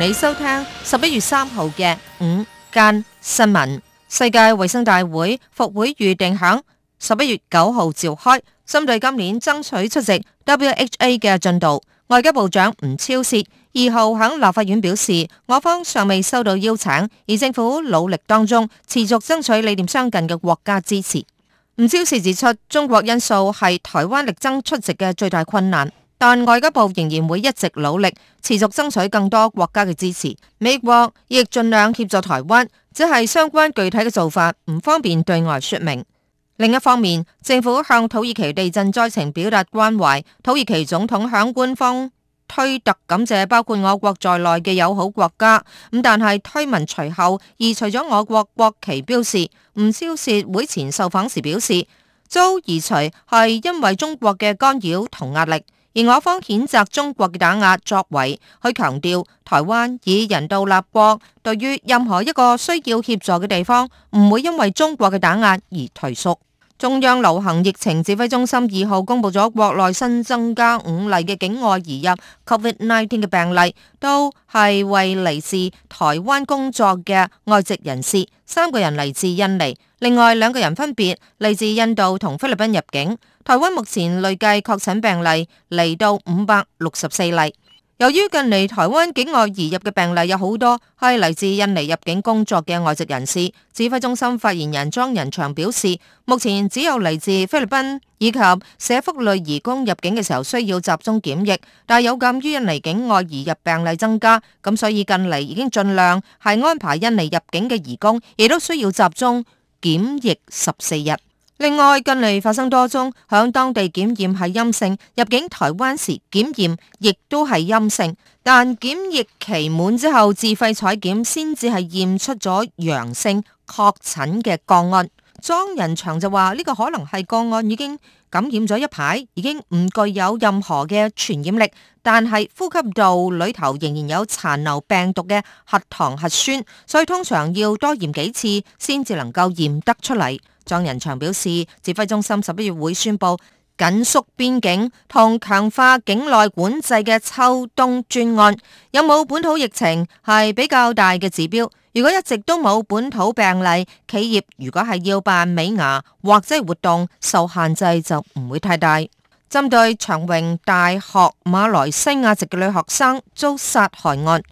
你收聽十一月三號嘅午間新聞，世界衛生大會復會預定響十一月九號召開，針對今年爭取出席 WHA 嘅進度，外交部長吳釗燮二號響立法院表示，我方尚未收到邀請，而政府努力當中，持續爭取理念相近嘅國家支持。吳釗燮指出，中國因素係台灣力爭出席嘅最大困難。但外交部仍然會一直努力，持續爭取更多國家嘅支持。美國亦盡量協助台灣，只係相關具體嘅做法唔方便對外說明。另一方面，政府向土耳其地震災情表達關懷。土耳其總統響官方推特感謝包括我國在內嘅友好國家。咁但係推文隨後移除咗，我國國旗標示。吳釗燮會前受訪時表示，遭移除係因為中國嘅干擾同壓力。而我方譴責中國嘅打壓作為，去強調台灣以人道立國，對於任何一個需要協助嘅地方，唔會因為中國嘅打壓而退縮。中央流行疫情指揮中心二號公布咗國內新增加五例嘅境外移入 Covid nineteen 嘅病例，都係為嚟自台灣工作嘅外籍人士，三個人嚟自印尼，另外兩個人分別嚟自印度同菲律賓入境。台灣目前累計確診病例嚟到五百六十四例。由於近嚟台灣境外移入嘅病例有好多係嚟自印尼入境工作嘅外籍人士，指揮中心發言人莊人祥表示，目前只有嚟自菲律賓以及社福類移工入境嘅時候需要集中檢疫，但有鑒於印尼境外移入病例增加，咁所以近嚟已經盡量係安排印尼入境嘅移工，亦都需要集中檢疫十四日。另外，近嚟發生多宗響當地檢驗係陰性，入境台灣時檢驗亦都係陰性，但檢疫期滿之後自費採檢先至係驗出咗陽性確診嘅個案。莊人祥就話：呢個可能係個案已經感染咗一排，已經唔具有任何嘅傳染力，但係呼吸道裡頭仍然有殘留病毒嘅核糖核酸，所以通常要多驗幾次先至能夠驗得出嚟。莊人祥表示，指揮中心十一月會宣布緊縮邊境同強化境內管制嘅秋冬專案，有冇本土疫情係比較大嘅指標。如果一直都冇本土病例，企業如果係要辦尾牙或者活動，受限制就唔會太大。針對長榮大學馬來西亞籍嘅女學生遭殺害案，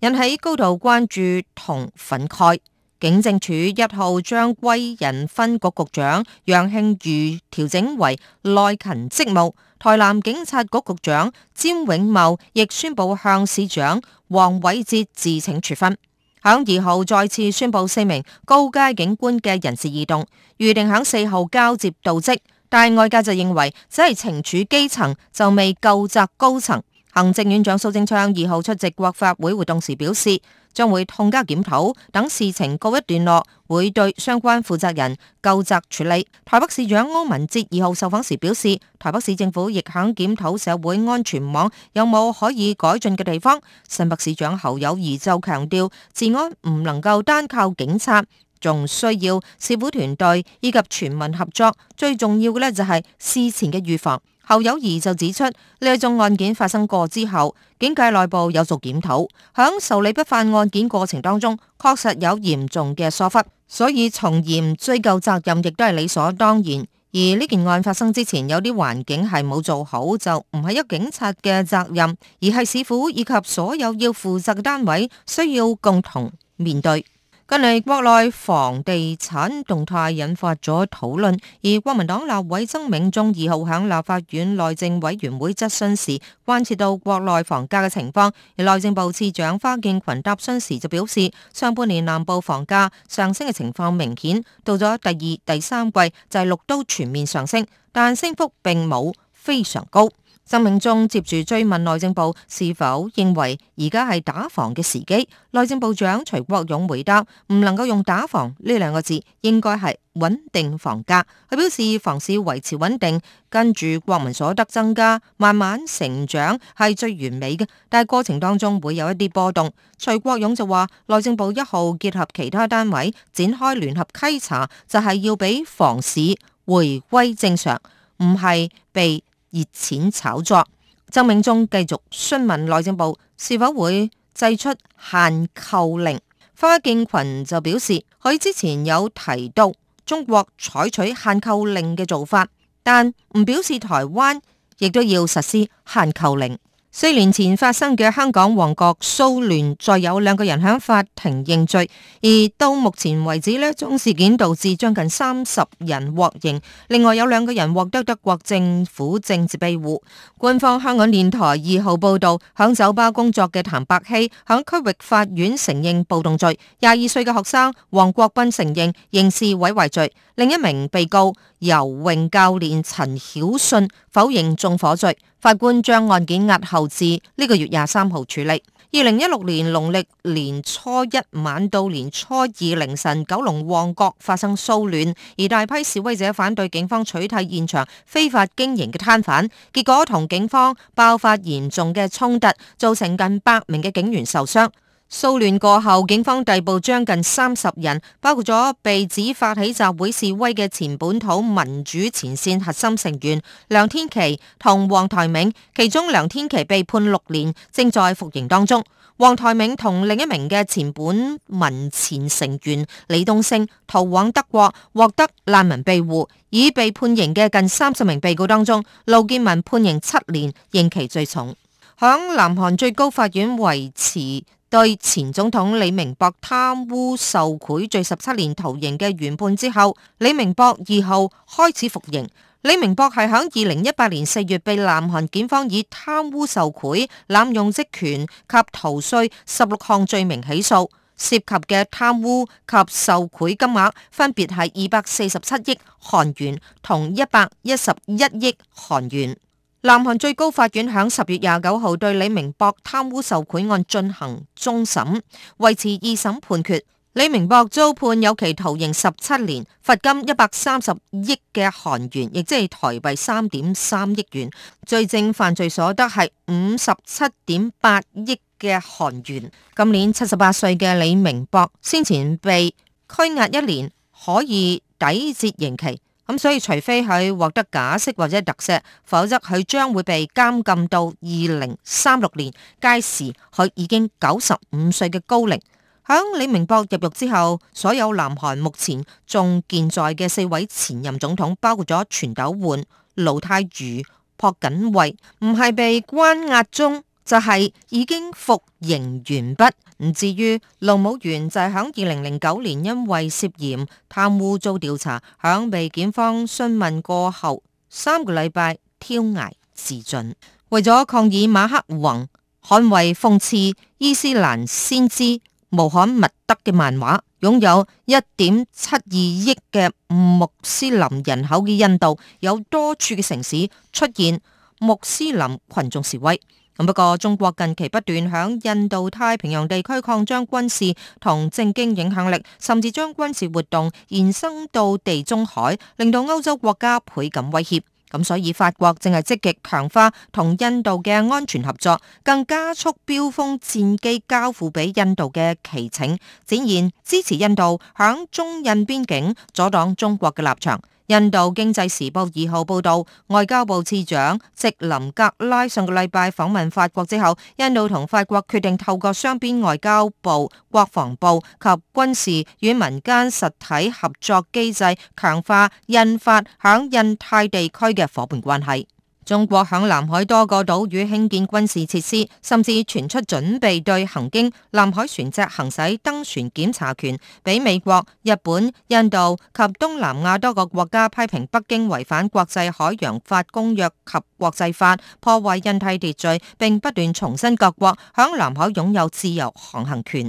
引起高度關注同憤慨。警政署一號將歸仁分局局長楊慶如調整為內勤職務，台南警察局局長詹永茂亦宣布向市長黃偉哲自請處分，響二號再次宣布四名高階警官嘅人事異動，預定響四號交接到職，但外界就認為只係懲處基層，就未究責高層。行政院長蘇貞昌二號出席國法會活動時表示，將會痛加檢討，等事情告一段落，會對相關負責人究責處理。台北市長柯文哲二號受訪時表示，台北市政府亦肯檢討社會安全網有冇可以改進嘅地方。新北市長侯友宜就強調，治安唔能夠單靠警察，仲需要市府團隊以及全民合作，最重要嘅呢，就係事前嘅預防。侯友宜就指出，呢一宗案件發生過之後，警界內部有做檢討，響受理不法案件過程當中，確實有嚴重嘅疏忽，所以從嚴追究責任亦都係理所當然。而呢件案發生之前，有啲環境係冇做好，就唔係一警察嘅責任，而係市府以及所有要負責嘅單位需要共同面對。近嚟國內房地產動態引發咗討論，而國民黨立委曾銘宗二號響立法院內政委員會質詢時，關切到國內房價嘅情況。而內政部次長花敬群答詢時就表示，上半年南部房價上升嘅情況明顯，到咗第二、第三季就係六都全面上升，但升幅並冇非常高。曾銘宗接住追問內政部是否認為而家係打房嘅時機？內政部長徐國勇回答：唔能夠用打房呢兩個字，應該係穩定房價。佢表示，房市維持穩定，跟住國民所得增加，慢慢成長係最完美嘅。但係過程當中會有一啲波動。徐國勇就話，內政部一號結合其他單位展開聯合稽查，就係要俾房市回歸正常，唔係被。熱錢炒作，曾銘忠繼續詢問內政部是否會製出限購令。花敬群就表示，佢之前有提到中國採取限購令嘅做法，但唔表示台灣亦都要實施限購令。四年前發生嘅香港旺角騷亂，再有兩個人響法庭認罪，而到目前為止呢宗事件導致將近三十人獲刑，另外有兩個人獲得德國政府政治庇護。官方香港電台二號報道，響酒吧工作嘅譚伯希響區域法院承認暴動罪；廿二歲嘅學生黃國斌承認刑事毀壞罪；另一名被告游泳教練陳曉順否認縱火罪。法官將案件押後至呢個月廿三號處理。二零一六年農曆年初一晚到年初二凌晨，九龍旺角發生騷亂，而大批示威者反對警方取締現場非法經營嘅攤販，結果同警方爆發嚴重嘅衝突，造成近百名嘅警員受傷。騷亂過後，警方逮捕將近三十人，包括咗被指發起集會示威嘅前本土民主前綫核心成員梁天琦同黃台銘。其中梁天琦被判六年，正在服刑當中。黃台銘同另一名嘅前本民前成員李東升逃往德國，獲得難民庇護。已被判刑嘅近三十名被告當中，盧建文判刑七年，刑期最重。響南韓最高法院維持對前總統李明博貪污受賄罪十七年徒刑嘅原判之後，李明博二號開始服刑。李明博係喺二零一八年四月被南韓檢方以貪污受賄、濫用職權及逃稅十六項罪名起訴，涉及嘅貪污及受賄金額分別係二百四十七億韓元同一百一十一億韓元。南韓最高法院喺十月廿九號對李明博貪污受賄案進行終審，維持二審判決。李明博遭判有期徒刑十七年，罰金一百三十億嘅韓元，亦即係台幣三點三億元。罪證犯罪所得係五十七點八億嘅韓元。今年七十八歲嘅李明博先前被拘押一年，可以抵節刑期。咁所以，除非佢獲得假釋或者特赦，否則佢將會被監禁到二零三六年。屆時，佢已經九十五歲嘅高齡。響李明博入獄之後，所有南韓目前仲健在嘅四位前任總統，包括咗全斗煥、盧泰愚、朴槿惠，唔係被關押中。就係已經服刑完畢，唔至於。盧武鉉就係二零零九年，因為涉嫌貪污遭調查，響被檢方詢問過後三個禮拜跳崖自盡，為咗抗議馬克宏捍衛諷刺伊斯蘭先知穆罕默德嘅漫畫，擁有一點七二億嘅穆斯林人口嘅印度有多處嘅城市出現穆斯林群眾示威。不過，中國近期不斷響印度太平洋地區擴張軍事同政經影響力，甚至將軍事活動延伸到地中海，令到歐洲國家倍感威脅。咁所以，法國正係積極強化同印度嘅安全合作，更加速飆風戰機交付俾印度嘅期程，展現支持印度響中印邊境阻擋中國嘅立場。印度經濟時報二號報導，外交部次長席林格拉上個禮拜訪問法國之後，印度同法國決定透過雙邊外交部、國防部及軍事與民間實體合作機制，強化印法響印太地區嘅伙伴關係。中國響南海多個島嶼興建軍事設施，甚至傳出準備對行經南海船隻行使登船檢查權，俾美國、日本、印度及東南亞多個國家批評北京違反國際海洋法公約及國際法，破壞印太秩序，並不斷重申各國響南海擁有自由航行權。